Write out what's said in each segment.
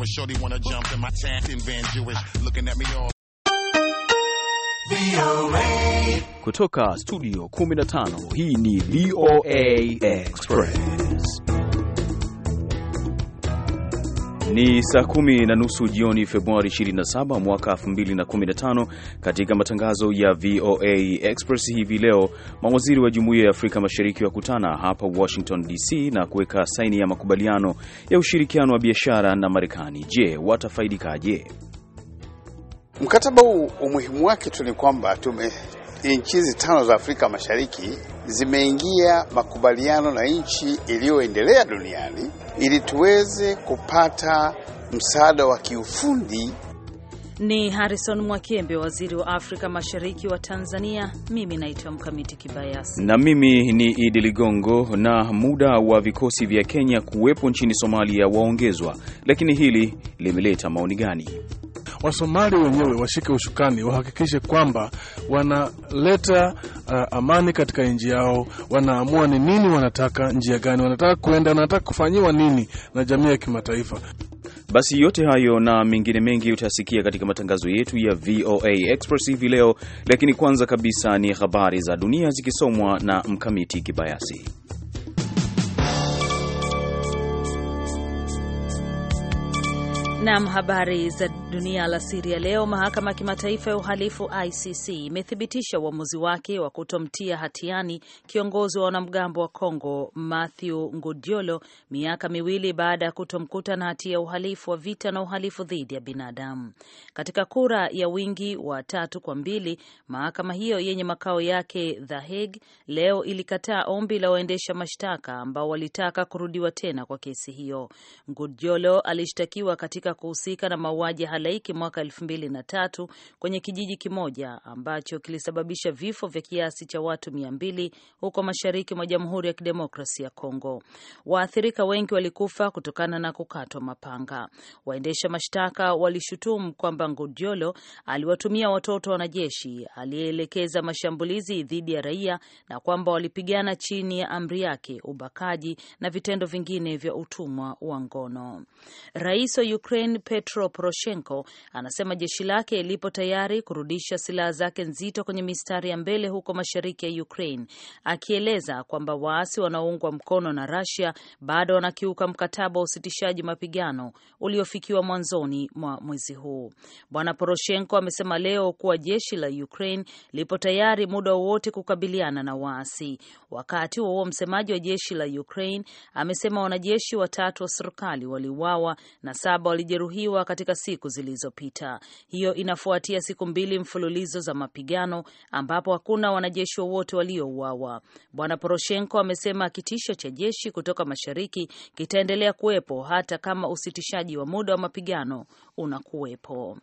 when Shorty wanna jump in my tank Tanton Van Jewish, looking at me all. Kutoka studio 15 hii ni VOA Express. Ni saa kumi na nusu jioni Februari 27 mwaka 2015. Katika matangazo ya VOA Express hivi leo, mawaziri wa Jumuiya ya Afrika Mashariki wakutana hapa Washington DC na kuweka saini ya makubaliano ya ushirikiano wa biashara na Marekani. Je, watafaidikaje? Mkataba huu umuhimu wake tu ni kwamba tume nchi hizi tano za Afrika Mashariki zimeingia makubaliano na nchi iliyoendelea duniani ili tuweze kupata msaada wa kiufundi. Ni Harrison Mwakembe, waziri wa Afrika Mashariki wa Tanzania. Mimi naitwa Mkamiti Kibayasi na mimi ni Idi Ligongo. Na muda wa vikosi vya Kenya kuwepo nchini Somalia waongezwa, lakini hili limeleta maoni gani? Wasomali wenyewe washike ushukani, wahakikishe kwamba wanaleta uh, amani katika nchi yao, wanaamua ni nini wanataka, njia gani wanataka kuenda, wanataka kufanyiwa nini na jamii ya kimataifa. Basi yote hayo na mengine mengi utasikia katika matangazo yetu ya VOA Express hivi leo, lakini kwanza kabisa ni habari za dunia zikisomwa na Mkamiti Kibayasi. Nam, habari za dunia alasiri ya leo. Mahakama ya Kimataifa ya Uhalifu ICC imethibitisha uamuzi wake wa kutomtia hatiani kiongozi wa wanamgambo wa Congo Matthew Ngodiolo miaka miwili baada ya kutomkuta na hatia ya uhalifu wa vita na uhalifu dhidi ya binadamu. Katika kura ya wingi wa tatu kwa mbili, mahakama hiyo yenye makao yake The Hague leo ilikataa ombi la waendesha mashtaka ambao walitaka kurudiwa tena kwa kesi hiyo. Ngodiolo alishtakiwa katika katika kuhusika na mauaji halaiki mwaka elfu mbili na tatu kwenye kijiji kimoja ambacho kilisababisha vifo vya kiasi cha watu mia mbili huko mashariki mwa Jamhuri ya Kidemokrasia ya Kongo. Waathirika wengi walikufa kutokana na kukatwa mapanga. Waendesha mashtaka walishutumu kwamba Ngudiolo aliwatumia watoto wanajeshi aliyeelekeza mashambulizi dhidi ya raia na kwamba walipigana chini ya amri yake, ubakaji na vitendo vingine vya utumwa wa ngono. Rais wa Ukraine Ukraine Petro Poroshenko anasema jeshi lake lipo tayari kurudisha silaha zake nzito kwenye mistari ya mbele huko mashariki ya Ukraine, akieleza kwamba waasi wanaoungwa mkono na Russia bado wanakiuka mkataba wa usitishaji mapigano uliofikiwa mwanzoni mwa mwezi huu. Bwana Poroshenko amesema leo kuwa jeshi la Ukraine lipo tayari muda wowote kukabiliana na waasi. Wakati huo msemaji wa jeshi la Ukraine amesema wanajeshi watatu wa serikali waliuawa na saba wali walijeruhiwa katika siku zilizopita. Hiyo inafuatia siku mbili mfululizo za mapigano ambapo hakuna wanajeshi wowote waliouawa. Bwana Poroshenko amesema kitisho cha jeshi kutoka mashariki kitaendelea kuwepo hata kama usitishaji wa muda wa mapigano unakuwepo.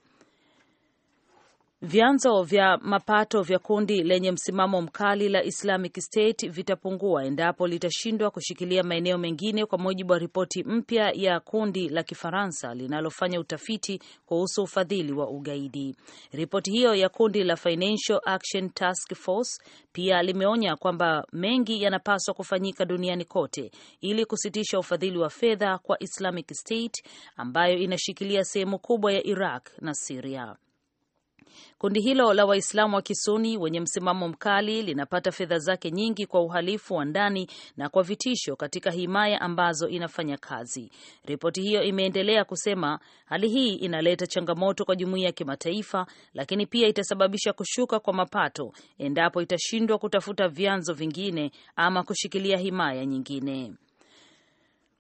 Vyanzo vya mapato vya kundi lenye msimamo mkali la Islamic State vitapungua endapo litashindwa kushikilia maeneo mengine, kwa mujibu wa ripoti mpya ya kundi la Kifaransa linalofanya utafiti kuhusu ufadhili wa ugaidi. Ripoti hiyo ya kundi la Financial Action Task Force pia limeonya kwamba mengi yanapaswa kufanyika duniani kote ili kusitisha ufadhili wa fedha kwa Islamic State ambayo inashikilia sehemu kubwa ya Iraq na Siria. Kundi hilo la Waislamu wa Kisuni wenye msimamo mkali linapata fedha zake nyingi kwa uhalifu wa ndani na kwa vitisho katika himaya ambazo inafanya kazi. Ripoti hiyo imeendelea kusema hali hii inaleta changamoto kwa jumuiya ya kimataifa, lakini pia itasababisha kushuka kwa mapato endapo itashindwa kutafuta vyanzo vingine ama kushikilia himaya nyingine.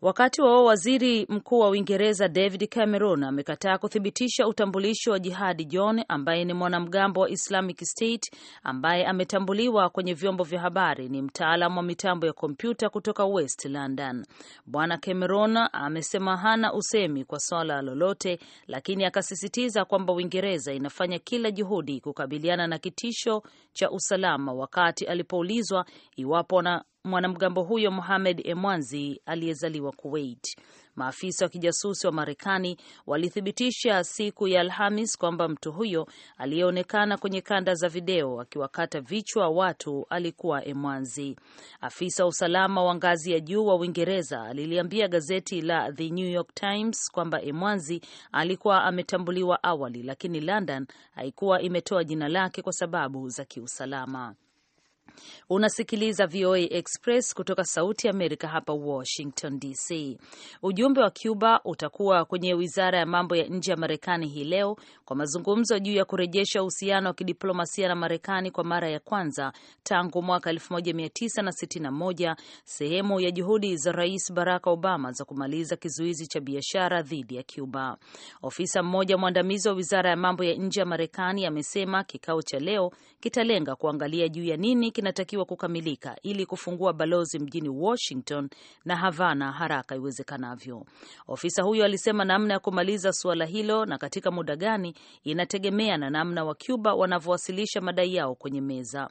Wakati wao waziri mkuu wa Uingereza David Cameron amekataa kuthibitisha utambulisho wa Jihadi John ambaye ni mwanamgambo wa Islamic State ambaye ametambuliwa kwenye vyombo vya habari ni mtaalam wa mitambo ya kompyuta kutoka West London. Bwana Cameron amesema hana usemi kwa swala lolote, lakini akasisitiza kwamba Uingereza inafanya kila juhudi kukabiliana na kitisho cha usalama wakati alipoulizwa iwapo na mwanamgambo huyo Mohamed Emwanzi aliyezaliwa Kuwait. Maafisa wa kijasusi wa Marekani walithibitisha siku ya Alhamis kwamba mtu huyo aliyeonekana kwenye kanda za video akiwakata vichwa watu alikuwa Emwanzi. Afisa wa usalama wa ngazi ya juu wa Uingereza aliliambia gazeti la The New York Times kwamba Emwanzi alikuwa ametambuliwa awali, lakini London haikuwa imetoa jina lake kwa sababu za kiusalama. Unasikiliza VOA Express kutoka Sauti ya Amerika hapa Washington DC. Ujumbe wa Cuba utakuwa kwenye wizara ya mambo ya nje ya Marekani hii leo kwa mazungumzo juu ya kurejesha uhusiano wa kidiplomasia na Marekani kwa mara ya kwanza tangu mwaka 1961, sehemu ya juhudi za Rais Barack Obama za kumaliza kizuizi cha biashara dhidi ya Cuba. Ofisa mmoja mwandamizi wa wizara ya mambo ya nje ya Marekani amesema kikao cha leo kitalenga kuangalia juu ya nini kinatakiwa kukamilika ili kufungua balozi mjini Washington na Havana haraka iwezekanavyo. Ofisa huyo alisema namna ya kumaliza suala hilo na katika muda gani inategemea na namna wa Cuba wanavyowasilisha madai yao kwenye meza.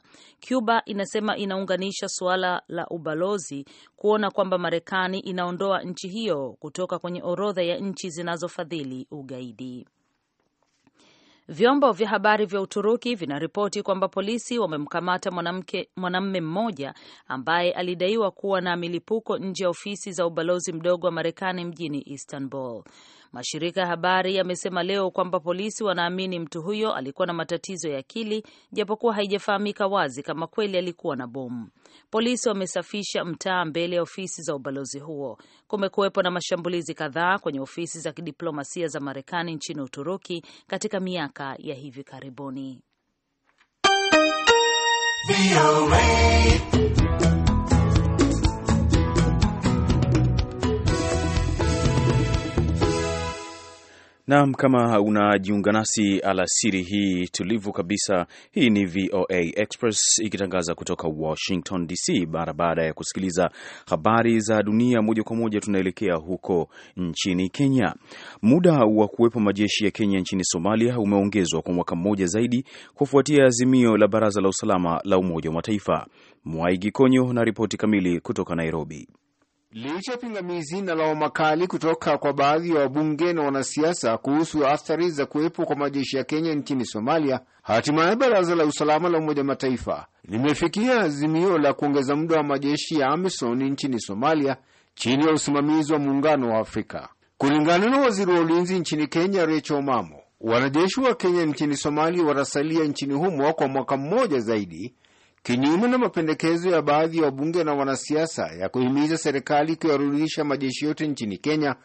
Cuba inasema inaunganisha suala la ubalozi kuona kwamba Marekani inaondoa nchi hiyo kutoka kwenye orodha ya nchi zinazofadhili ugaidi. Vyombo vya habari vya Uturuki vinaripoti kwamba polisi wamemkamata mwanamke mmoja ambaye alidaiwa kuwa na milipuko nje ya ofisi za ubalozi mdogo wa Marekani mjini Istanbul. Mashirika ya habari yamesema leo kwamba polisi wanaamini mtu huyo alikuwa na matatizo ya akili, japokuwa haijafahamika wazi kama kweli alikuwa na bomu. Polisi wamesafisha mtaa mbele ya ofisi za ubalozi huo. Kumekuwepo na mashambulizi kadhaa kwenye ofisi za kidiplomasia za Marekani nchini Uturuki katika miaka ya hivi karibuni. Naam, kama unajiunga nasi alasiri hii tulivu kabisa, hii ni VOA Express ikitangaza kutoka Washington DC. Mara baada ya kusikiliza habari za dunia moja kwa moja, tunaelekea huko nchini Kenya. Muda wa kuwepo majeshi ya Kenya nchini Somalia umeongezwa kwa mwaka mmoja zaidi kufuatia azimio la Baraza la Usalama la Umoja wa Mataifa. mwaigi konyo na ripoti kamili kutoka Nairobi. Licha ya pingamizi na lawama makali kutoka kwa baadhi ya wabunge na wanasiasa kuhusu athari za kuwepo kwa majeshi ya Kenya nchini Somalia, hatimaye Baraza la Usalama la Umoja Mataifa limefikia azimio la kuongeza muda wa majeshi ya AMISON nchini Somalia chini ya usimamizi wa Muungano wa Afrika. Kulingana na waziri wa ulinzi nchini Kenya, Rachel Omamo, wanajeshi wa Kenya nchini Somalia watasalia nchini humo kwa mwaka mmoja zaidi kinyume na mapendekezo ya baadhi ya wabunge na wanasiasa ya kuhimiza serikali kuyarudisha majeshi yote nchini Kenya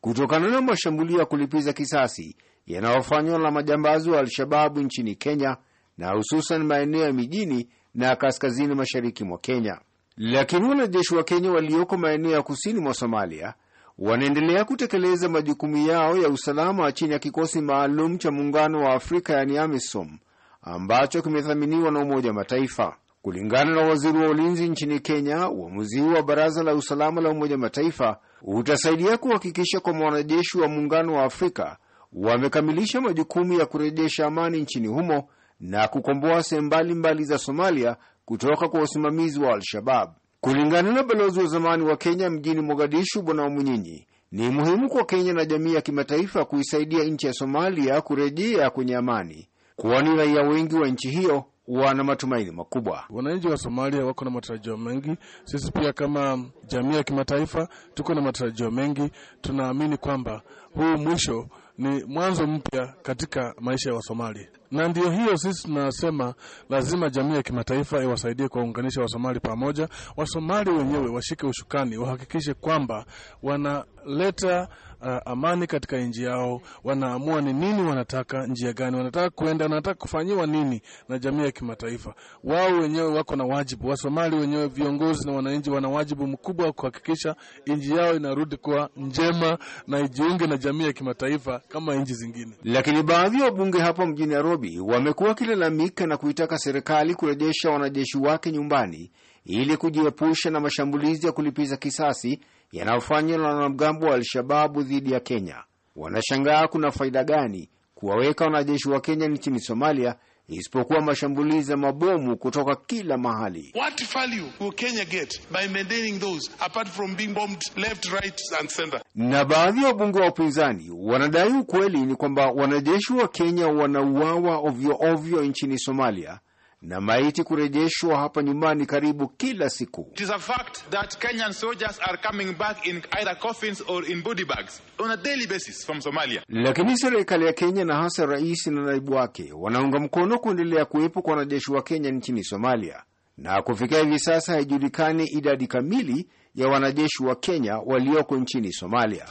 kutokana na mashambulio ya kulipiza kisasi yanayofanywa na majambazi wa Al-Shababu nchini Kenya na hususan maeneo ya mijini na kaskazini mashariki mwa Kenya. Lakini wanajeshi wa Kenya walioko maeneo ya kusini mwa Somalia wanaendelea kutekeleza majukumu yao ya usalama chini ya kikosi maalum cha muungano wa Afrika, yani AMISOM, ambacho kimethaminiwa na Umoja wa Mataifa. Kulingana na waziri wa ulinzi nchini Kenya, uamuzi huu wa baraza la usalama la Umoja Mataifa utasaidia kuhakikisha kwamba wanajeshi wa Muungano wa Afrika wamekamilisha majukumu ya kurejesha amani nchini humo na kukomboa sehemu mbalimbali za Somalia kutoka kwa usimamizi wa Al-Shabab. Kulingana na balozi wa zamani wa Kenya mjini Mogadishu, Bwana Omunyinyi, ni muhimu kwa Kenya na jamii ya kimataifa kuisaidia nchi ya Somalia kurejea kwenye amani, kwani raia wengi wa nchi hiyo wana matumaini makubwa. Wananchi wa Somalia wako na matarajio mengi, sisi pia kama jamii ya kimataifa tuko na matarajio mengi. Tunaamini kwamba huu mwisho ni mwanzo mpya katika maisha ya Wasomali, na ndio hiyo sisi tunasema lazima jamii ya kimataifa iwasaidie kuwaunganisha Wasomali pamoja. Wasomali wenyewe washike ushukani, wahakikishe kwamba wanaleta uh, amani katika nchi yao, wanaamua ni nini wanataka, njia gani wanataka kuenda, wanataka kufanyiwa nini na jamii ya kimataifa. Wao wenyewe wako na wajibu, Wasomali wenyewe, viongozi na wananchi, wana wajibu mkubwa wa kuhakikisha nchi yao inarudi kuwa njema na ijiunge na jamii ya kimataifa kama nchi zingine. Lakini baadhi ya wabunge hapa mjini Nairobi wamekuwa wakilalamika na kuitaka serikali kurejesha wanajeshi wake nyumbani ili kujiepusha na mashambulizi ya kulipiza kisasi yanayofanywa na wanamgambo wa Al-Shababu dhidi ya Kenya. Wanashangaa kuna faida gani kuwaweka wanajeshi wa Kenya nchini Somalia isipokuwa mashambulizi ya mabomu kutoka kila mahali. What value will Kenya get by maintaining those apart from being bombed left, right and center? Na baadhi ya wabunge wa upinzani wanadai ukweli ni kwamba wanajeshi wa Kenya wanauawa ovyo ovyo nchini Somalia na maiti kurejeshwa hapa nyumbani karibu kila siku. It is a fact that Kenyan soldiers are coming back in either coffins or in body bags on a daily basis from Somalia. Lakini serikali ya Kenya na hasa rais na naibu wake wanaunga mkono kuendelea kuwepo kwa wanajeshi wa Kenya nchini Somalia, na kufikia hivi sasa haijulikani idadi kamili ya wanajeshi wa Kenya walioko nchini Somalia.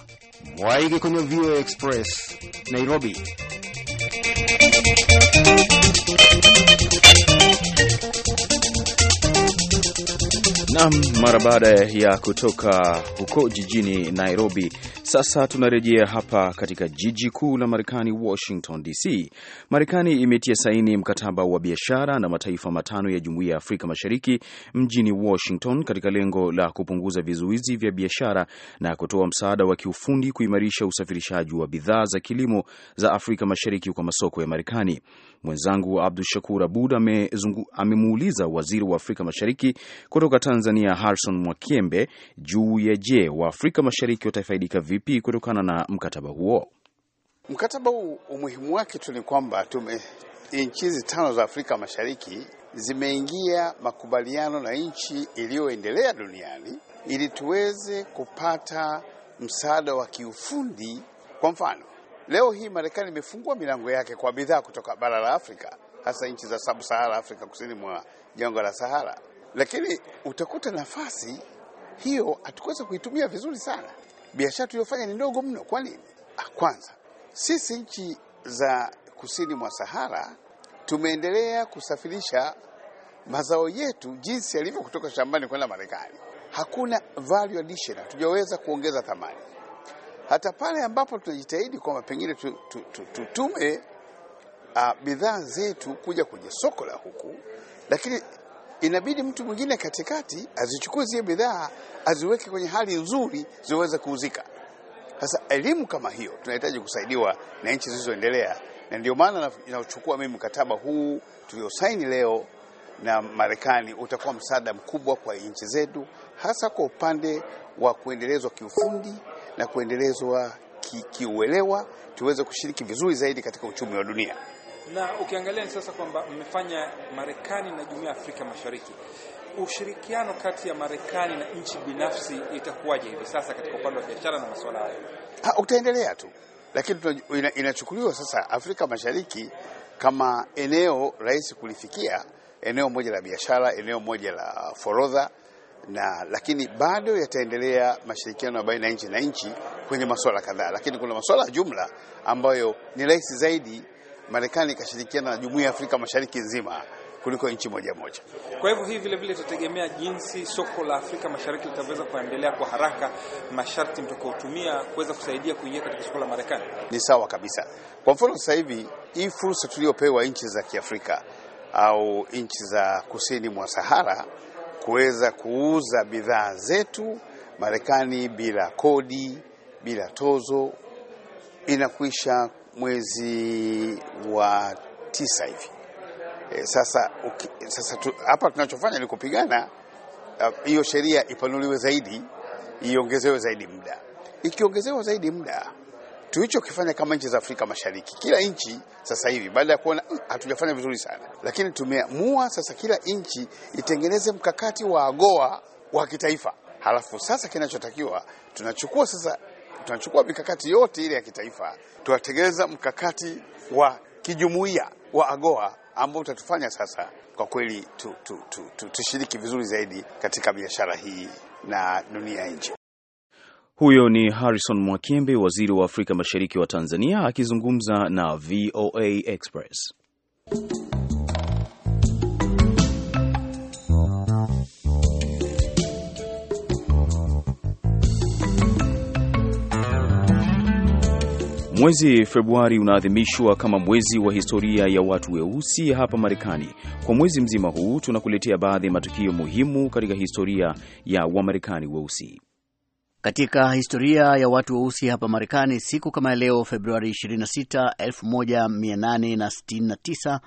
Mwaige kwenye VOA Express, Nairobi. Nam, mara baada ya kutoka huko jijini Nairobi, sasa tunarejea hapa katika jiji kuu la Marekani, Washington DC. Marekani imetia saini mkataba wa biashara na mataifa matano ya Jumuiya ya Afrika Mashariki mjini Washington, katika lengo la kupunguza vizuizi vya biashara na kutoa msaada wa kiufundi kuimarisha usafirishaji wa bidhaa za kilimo za Afrika Mashariki kwa masoko ya Marekani. Mwenzangu Abdu Shakur Abud amemuuliza waziri wa Afrika Mashariki kutoka Tanzania, Harrison Mwakiembe, juu ya je, wa Afrika Mashariki watafaidika vipi kutokana na mkataba huo. Mkataba huu umuhimu wake tu ni kwamba tume nchi hizi tano za Afrika Mashariki zimeingia makubaliano na nchi iliyoendelea duniani ili tuweze kupata msaada wa kiufundi. Kwa mfano, Leo hii Marekani imefungua milango yake kwa bidhaa kutoka bara la Afrika, hasa nchi za Sub-Sahara Afrika kusini mwa jangwa la Sahara, lakini utakuta nafasi hiyo hatukuweza kuitumia vizuri sana. Biashara tuliyofanya ni ndogo mno. Kwa nini? Ah, kwanza sisi nchi za kusini mwa Sahara tumeendelea kusafirisha mazao yetu jinsi yalivyo kutoka shambani kwenda Marekani. Hakuna value addition, hatujaweza kuongeza thamani hata pale ambapo tunajitahidi kwamba pengine tutume ah, bidhaa zetu kuja kwenye soko la huku, lakini inabidi mtu mwingine katikati azichukue zile bidhaa aziweke kwenye hali nzuri ziweze kuuzika. Sasa elimu kama hiyo tunahitaji kusaidiwa na nchi zilizoendelea, na ndio maana inaochukua mimi mkataba huu tuliosaini leo na Marekani utakuwa msaada mkubwa kwa nchi zetu, hasa kwa upande wa kuendelezwa kiufundi na kuendelezwa kiuelewa, tuweze kushiriki vizuri zaidi katika uchumi wa dunia. Na ukiangalia ni sasa kwamba mmefanya Marekani na Jumuiya ya Afrika Mashariki, ushirikiano kati ya Marekani na nchi binafsi itakuwaje hivi sasa katika upande wa biashara na masuala hayo? Utaendelea tu, lakini ina, inachukuliwa sasa Afrika Mashariki kama eneo rahisi kulifikia, eneo moja la biashara, eneo moja la forodha na lakini bado yataendelea mashirikiano ya baina ya nchi na nchi kwenye masuala kadhaa, lakini kuna masuala ya jumla ambayo ni rahisi zaidi Marekani ikashirikiana na Jumuiya ya Afrika Mashariki nzima kuliko nchi moja moja. Kwa hivyo hii vile vile tutategemea jinsi soko la Afrika Mashariki litaweza kuendelea kwa haraka, masharti mtakaotumia kuweza kusaidia kuingia katika soko la Marekani. Ni sawa kabisa. Kwa mfano, sasa hivi hii fursa tuliyopewa nchi za Kiafrika au nchi za kusini mwa Sahara kuweza kuuza bidhaa zetu Marekani bila kodi, bila tozo. Inakwisha mwezi wa tisa hivi. E, sasa sasa hapa tunachofanya ni kupigana hiyo sheria ipanuliwe zaidi, iongezewe zaidi muda. Ikiongezewa zaidi muda tulichokifanya kama nchi za Afrika Mashariki, kila nchi sasa hivi baada ya kuona mm, hatujafanya vizuri sana, lakini tumeamua sasa kila nchi itengeneze mkakati wa AGOA wa kitaifa. Halafu sasa kinachotakiwa tunachukua sasa, tunachukua mikakati yote ile ya kitaifa, tunatengeneza mkakati wa kijumuiya wa AGOA ambao utatufanya sasa kwa kweli tushiriki tu, tu, tu, tu vizuri zaidi katika biashara hii na dunia nje. Huyo ni Harrison Mwakembe, waziri wa Afrika Mashariki wa Tanzania, akizungumza na VOA Express. Mwezi Februari unaadhimishwa kama mwezi wa historia ya watu weusi hapa Marekani. Kwa mwezi mzima huu tunakuletea baadhi ya matukio muhimu katika historia ya Wamarekani weusi. Katika historia ya watu weusi hapa Marekani, siku kama leo Februari 26, 1869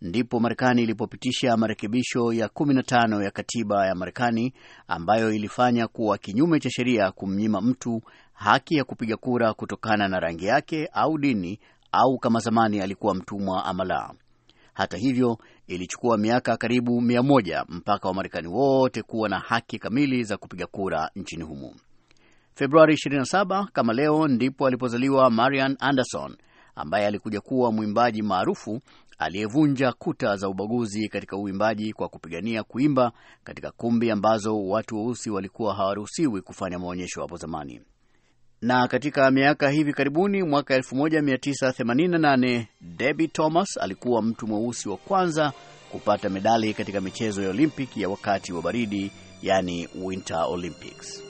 ndipo Marekani ilipopitisha marekebisho ya 15 ya katiba ya Marekani ambayo ilifanya kuwa kinyume cha sheria kumnyima mtu haki ya kupiga kura kutokana na rangi yake au dini au kama zamani alikuwa mtumwa ama la. Hata hivyo, ilichukua miaka karibu 1 mpaka Wamarekani wote kuwa na haki kamili za kupiga kura nchini humo. Februari 27 kama leo ndipo alipozaliwa Marian Anderson ambaye alikuja kuwa mwimbaji maarufu aliyevunja kuta za ubaguzi katika uimbaji kwa kupigania kuimba katika kumbi ambazo watu weusi walikuwa hawaruhusiwi kufanya maonyesho hapo zamani. Na katika miaka hivi karibuni, mwaka 1988 Debbie Thomas alikuwa mtu mweusi wa kwanza kupata medali katika michezo ya Olimpiki ya wakati wa baridi, yani Winter Olympics.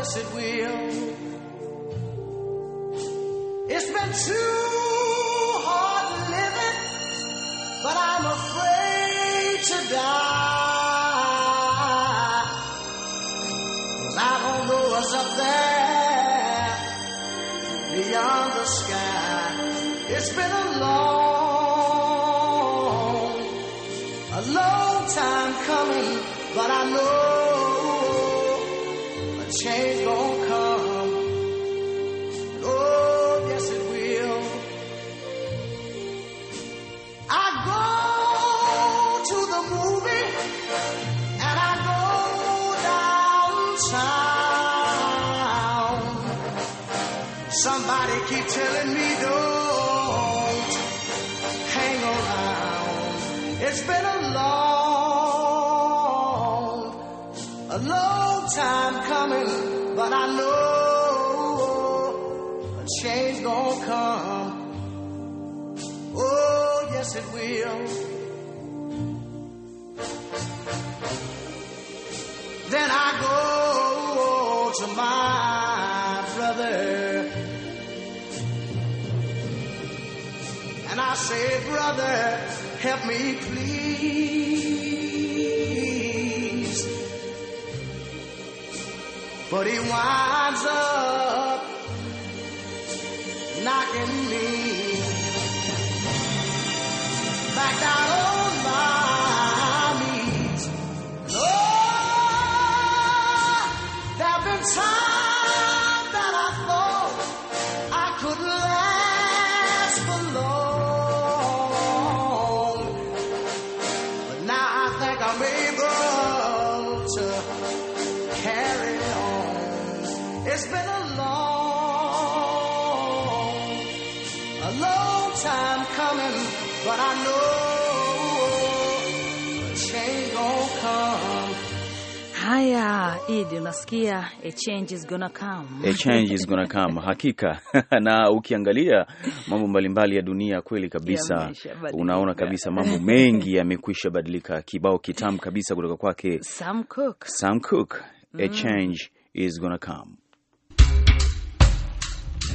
yes it will. It's been too a long time coming, but I know a change gonna come. Oh, yes, it will. Then I go to my brother and I say, Brother, help me, please. but he winds up knocking me time coming, but I know a change gonna come. Haya, Idi, unasikia a change is gonna come. A change is gonna come hakika. Na ukiangalia mambo mbalimbali ya dunia kweli kabisa, unaona kabisa mambo mengi yamekwisha badilika. Kibao kitamu kabisa kutoka kwake Sam Cooke. Sam Cooke, a mm. change is gonna come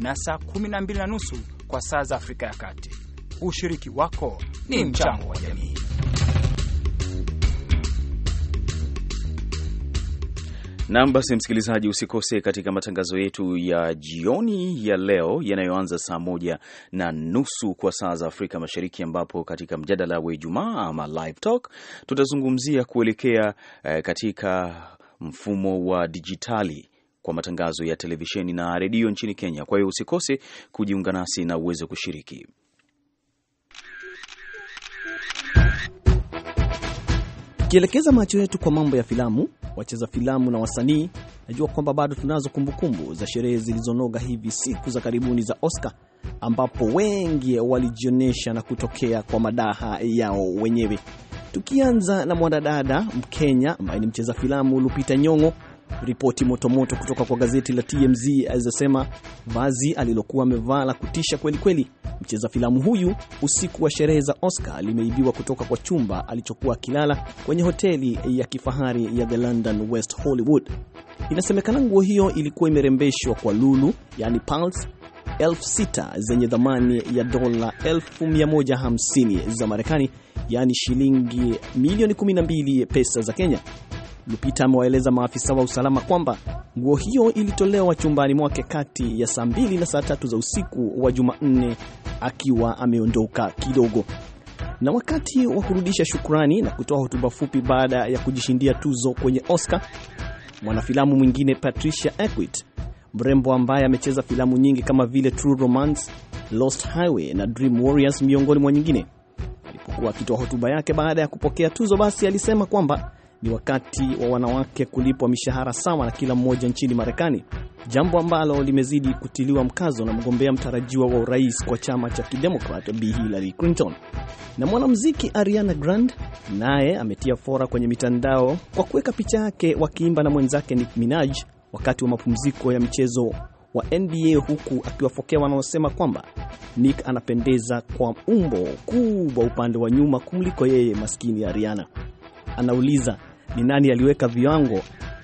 na saa 12 na nusu kwa saa za Afrika ya Kati. Ushiriki wako ni mchango wa jamii. Nam basi, msikilizaji, usikose katika matangazo yetu ya jioni ya leo yanayoanza saa moja na nusu kwa saa za Afrika Mashariki, ambapo katika mjadala wa Ijumaa ama live talk tutazungumzia kuelekea eh, katika mfumo wa dijitali kwa matangazo ya televisheni na redio nchini Kenya. Kwa hiyo usikose kujiunga nasi na uweze kushiriki. Tukielekeza macho yetu kwa mambo ya filamu, wacheza filamu na wasanii, najua kwamba bado tunazo kumbukumbu za sherehe zilizonoga hivi siku za karibuni za Oscar ambapo wengi walijionyesha na kutokea kwa madaha yao wenyewe, tukianza na mwanadada Mkenya ambaye ni mcheza filamu Lupita Nyong'o Ripoti motomoto kutoka kwa gazeti la TMZ alizosema vazi alilokuwa amevaa la kutisha kwelikweli mcheza filamu huyu usiku wa sherehe za Oscar limeibiwa kutoka kwa chumba alichokuwa akilala kwenye hoteli ya kifahari ya The London West Hollywood. Inasemekana nguo hiyo ilikuwa imerembeshwa kwa lulu, yani pearls elfu sita zenye thamani ya dola 150,000 za Marekani, yaani shilingi milioni 12 pesa za Kenya. Lupita amewaeleza maafisa wa usalama kwamba nguo hiyo ilitolewa chumbani mwake kati ya saa mbili na saa tatu za usiku wa Jumanne akiwa ameondoka kidogo. Na wakati wa kurudisha shukrani na kutoa hotuba fupi baada ya kujishindia tuzo kwenye Oscar, mwanafilamu mwingine Patricia Arquette, mrembo ambaye amecheza filamu nyingi kama vile True Romance, Lost Highway na Dream Warriors miongoni mwa nyingine, alipokuwa akitoa hotuba yake baada ya kupokea tuzo, basi alisema kwamba ni wakati wa wanawake kulipwa mishahara sawa na kila mmoja nchini Marekani, jambo ambalo limezidi kutiliwa mkazo na mgombea mtarajiwa wa urais kwa chama cha Kidemokrat Bi Hillary Clinton. Na mwanamuziki Ariana Grande naye ametia fora kwenye mitandao kwa kuweka picha yake wakiimba na mwenzake Nicki Minaj wakati wa mapumziko ya michezo wa NBA huku akiwafokea wanaosema kwamba Nick anapendeza kwa umbo kubwa upande wa nyuma kumliko yeye maskini Ariana. Anauliza, ni nani aliweka viwango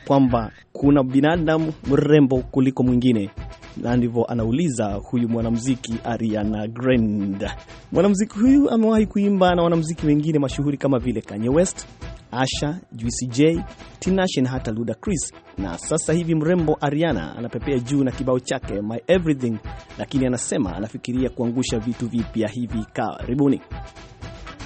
kwamba kuna binadamu mrembo kuliko mwingine, na ndivyo anauliza huyu mwanamuziki Ariana Grande. Mwanamuziki huyu amewahi kuimba na wanamuziki wengine mashuhuri kama vile Kanye West, Asha, Juicy J, Tinashe na hata Ludacris. Na sasa hivi mrembo Ariana anapepea juu na kibao chake My Everything, lakini anasema anafikiria kuangusha vitu vipya hivi karibuni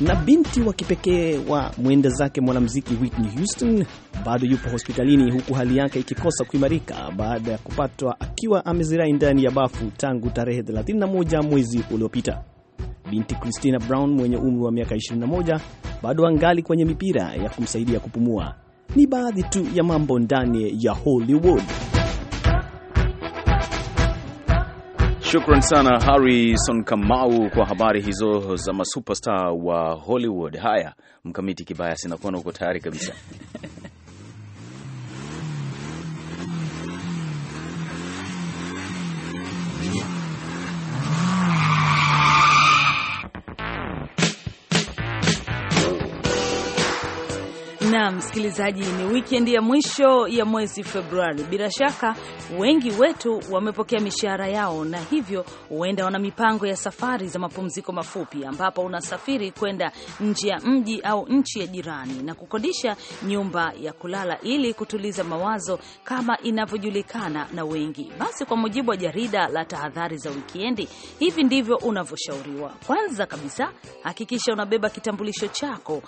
na binti wa kipekee wa mwende zake mwanamuziki Whitney Houston bado yupo hospitalini huku hali yake ikikosa kuimarika baada ya kupatwa akiwa amezirai ndani ya bafu tangu tarehe 31 mwezi uliopita. Binti Christina Brown mwenye umri wa miaka 21 bado angali kwenye mipira ya kumsaidia kupumua. Ni baadhi tu ya mambo ndani ya Hollywood. Shukran sana Harrison Kamau kwa habari hizo za masupestar wa Hollywood. Haya, Mkamiti Kibaya, sinakuona uko tayari kabisa Na msikilizaji, ni wikendi ya mwisho ya mwezi Februari. Bila shaka wengi wetu wamepokea mishahara yao, na hivyo huenda wana mipango ya safari za mapumziko mafupi, ambapo unasafiri kwenda nje ya mji au nchi ya jirani na kukodisha nyumba ya kulala ili kutuliza mawazo, kama inavyojulikana na wengi. Basi, kwa mujibu wa jarida la tahadhari za wikendi, hivi ndivyo unavyoshauriwa. Kwanza kabisa, hakikisha unabeba kitambulisho chako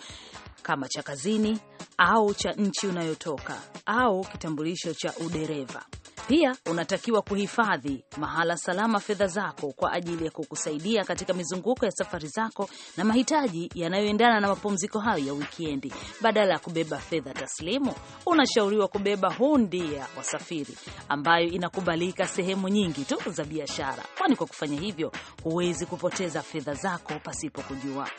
kama cha kazini au cha nchi unayotoka au kitambulisho cha udereva. Pia unatakiwa kuhifadhi mahala salama fedha zako kwa ajili ya kukusaidia katika mizunguko ya safari zako na mahitaji yanayoendana na mapumziko hayo ya wikiendi. Badala ya kubeba fedha taslimu, unashauriwa kubeba hundi ya wasafiri ambayo inakubalika sehemu nyingi tu za biashara, kwani kwa kufanya hivyo huwezi kupoteza fedha zako pasipo kujua.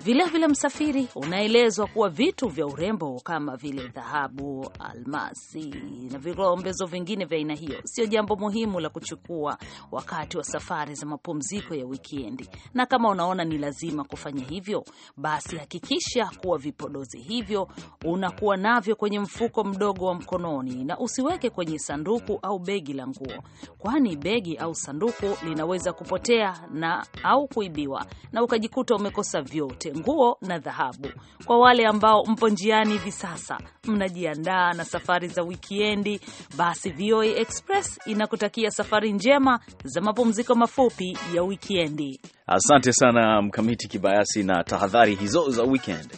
Vilevile vile msafiri, unaelezwa kuwa vitu vya urembo kama vile dhahabu, almasi na vikombezo vingine vya aina hiyo sio jambo muhimu la kuchukua wakati wa safari za mapumziko ya wikiendi. na kama unaona ni lazima kufanya hivyo, basi hakikisha kuwa vipodozi hivyo unakuwa navyo kwenye mfuko mdogo wa mkononi na usiweke kwenye sanduku au begi la nguo, kwani begi au sanduku linaweza kupotea na au kuibiwa na ukajikuta umekosa vyote, nguo na dhahabu. Kwa wale ambao mpo njiani hivi sasa mnajiandaa na safari za wikiendi, basi vio VOA Express inakutakia safari njema za mapumziko mafupi ya wikendi. Asante sana Mkamiti Kibayasi na tahadhari hizo za wikendi.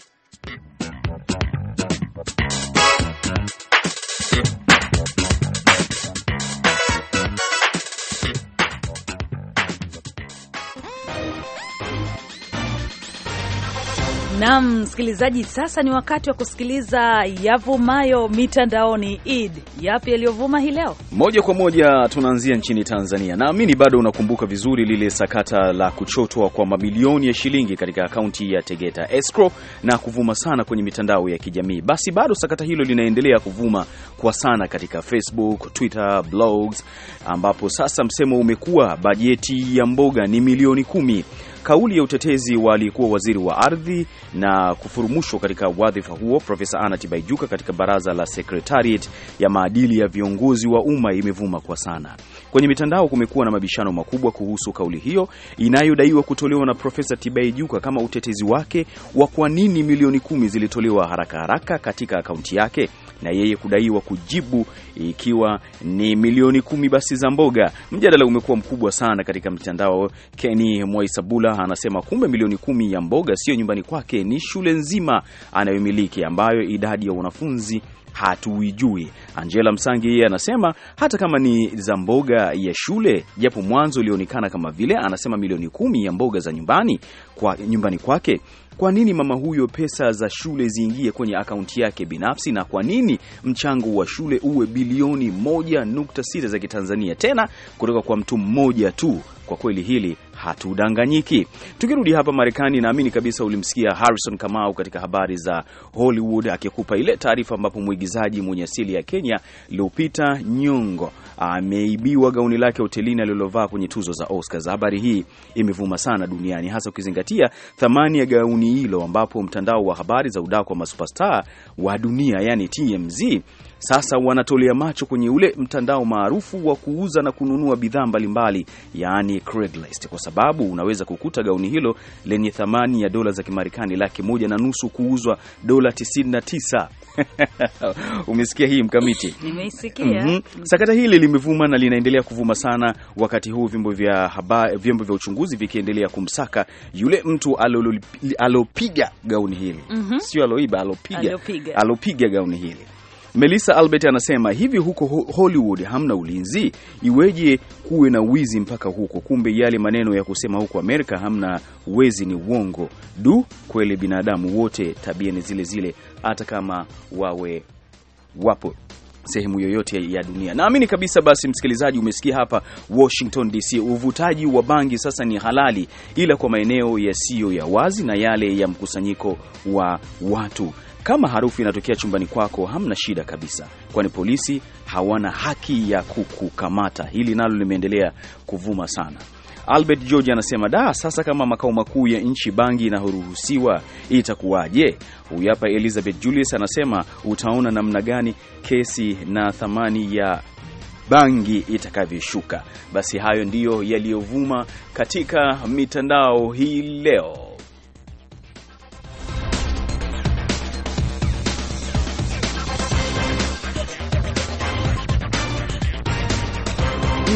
Naam, msikilizaji, sasa ni wakati wa kusikiliza yavumayo mitandaoni. Id, yapi yaliyovuma hii leo? Moja kwa moja tunaanzia nchini Tanzania. Naamini bado unakumbuka vizuri lile sakata la kuchotwa kwa mamilioni ya shilingi katika akaunti ya Tegeta Escrow na kuvuma sana kwenye mitandao ya kijamii. Basi bado sakata hilo linaendelea kuvuma kwa sana katika Facebook, Twitter, blogs, ambapo sasa msemo umekuwa bajeti ya mboga ni milioni kumi. Kauli ya utetezi wa aliyekuwa waziri wa ardhi na kufurumushwa katika wadhifa huo Profesa Anna Tibaijuka katika baraza la sekretariat ya maadili ya viongozi wa umma imevuma kwa sana. Kwenye mitandao kumekuwa na mabishano makubwa kuhusu kauli hiyo inayodaiwa kutolewa na Profesa Tibaijuka kama utetezi wake wa kwa nini milioni kumi zilitolewa haraka haraka katika akaunti yake na yeye kudaiwa kujibu ikiwa ni milioni kumi basi za mboga. Mjadala umekuwa mkubwa sana katika mtandao. Keni Mwaisabula anasema kumbe milioni kumi ya mboga sio nyumbani kwake, ni shule nzima anayomiliki, ambayo idadi ya wanafunzi hatuijui. Angela Msangi yeye anasema hata kama ni za mboga ya shule, japo mwanzo ulionekana kama vile, anasema milioni kumi ya mboga za nyumbani kwa nyumbani kwake kwa nini mama huyo pesa za shule ziingie kwenye akaunti yake binafsi, na kwa nini mchango wa shule uwe bilioni 1.6 za Kitanzania, tena kutoka kwa mtu mmoja tu? Kwa kweli hili hatudanganyiki. Tukirudi hapa Marekani, naamini kabisa ulimsikia Harrison Kamau katika habari za Hollywood akikupa ile taarifa ambapo mwigizaji mwenye asili ya Kenya Lupita Nyong'o ameibiwa gauni lake hotelini alilovaa kwenye tuzo za Oscars. Habari hii imevuma sana duniani, hasa ukizingatia thamani ya gauni hilo, ambapo mtandao wa habari za udaku wa masuperstar wa dunia yani TMZ sasa wanatolea macho kwenye ule mtandao maarufu wa kuuza na kununua bidhaa mbalimbali, yaani Craigslist, kwa sababu unaweza kukuta gauni hilo lenye thamani ya dola za Kimarekani laki moja na nusu kuuzwa dola 99. Umesikia hii mkamiti? Nimeisikia. mm -hmm. Sakata hili limevuma na linaendelea kuvuma sana, wakati huu vyombo vya habari, vyombo vya uchunguzi vikiendelea kumsaka yule mtu alopiga gauni hili mm -hmm. sio aloiba, alopiga, alopiga gauni hili Melissa Albert anasema hivi, huko Hollywood hamna ulinzi? Iweje kuwe na wizi mpaka huko? Kumbe yale maneno ya kusema huko Amerika hamna wezi ni uongo. Du, kweli binadamu wote tabia ni zile zile, hata kama wawe wapo sehemu yoyote ya dunia. Naamini kabisa. Basi msikilizaji, umesikia hapa Washington DC, uvutaji wa bangi sasa ni halali, ila kwa maeneo yasiyo ya wazi na yale ya mkusanyiko wa watu. Kama harufu inatokea chumbani kwako, hamna shida kabisa, kwani polisi hawana haki ya kukukamata. Hili nalo limeendelea kuvuma sana. Albert George anasema da, sasa kama makao makuu ya nchi bangi inaruhusiwa itakuwaje? Huyu hapa Elizabeth Julius anasema utaona namna gani kesi na thamani ya bangi itakavyoshuka. Basi hayo ndiyo yaliyovuma katika mitandao hii leo.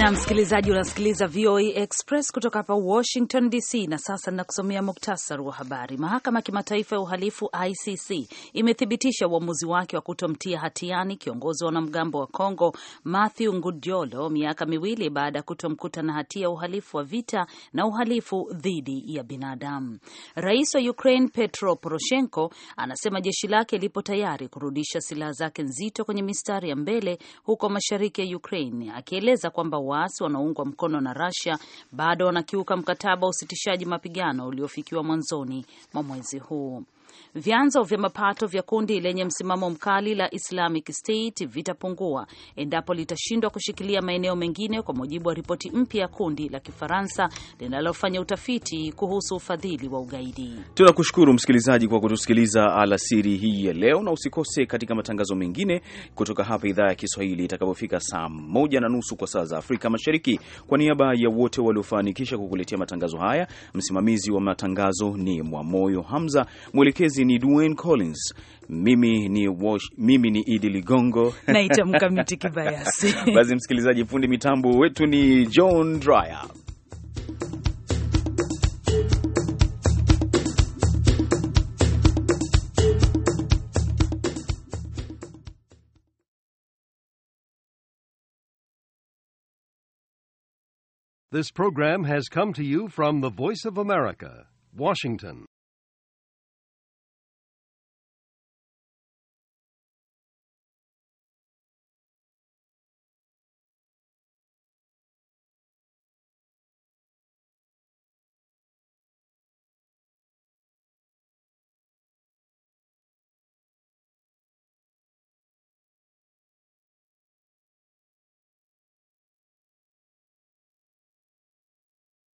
na msikilizaji, unasikiliza VOA Express kutoka hapa Washington DC. Na sasa ninakusomea muktasari wa habari. Mahakama ya Kimataifa ya Uhalifu ICC imethibitisha uamuzi wake wa kutomtia hatiani kiongozi wa wanamgambo wa Congo Matthew Ngudjolo miaka miwili baada ya kutomkuta na hatia ya uhalifu wa vita na uhalifu dhidi ya binadamu. Rais wa Ukraine Petro Poroshenko anasema jeshi lake lipo tayari kurudisha silaha zake nzito kwenye mistari ya mbele huko mashariki ya Ukraine, akieleza kwamba waasi wanaoungwa mkono na Russia bado wanakiuka mkataba wa usitishaji mapigano uliofikiwa mwanzoni mwa mwezi huu. Vyanzo vya mapato vya kundi lenye msimamo mkali la Islamic State vitapungua endapo litashindwa kushikilia maeneo mengine, kwa mujibu wa ripoti mpya ya kundi la Kifaransa linalofanya utafiti kuhusu ufadhili wa ugaidi. Tunakushukuru msikilizaji kwa kutusikiliza alasiri hii ya leo, na usikose katika matangazo mengine kutoka hapa idhaa ya Kiswahili itakapofika saa moja na nusu kwa saa za Afrika Mashariki. Kwa niaba ya wote waliofanikisha kukuletea matangazo haya, msimamizi wa matangazo ni Mwamoyo Hamza, mwelekeo mwelekezi ni Dwayne Collins, mimi ni Wash, mimi ni Idi Ligongo naita mkamiti kibayasi. Basi msikilizaji, fundi mitambo wetu ni John Dryer. This program has come to you from the Voice of America, Washington.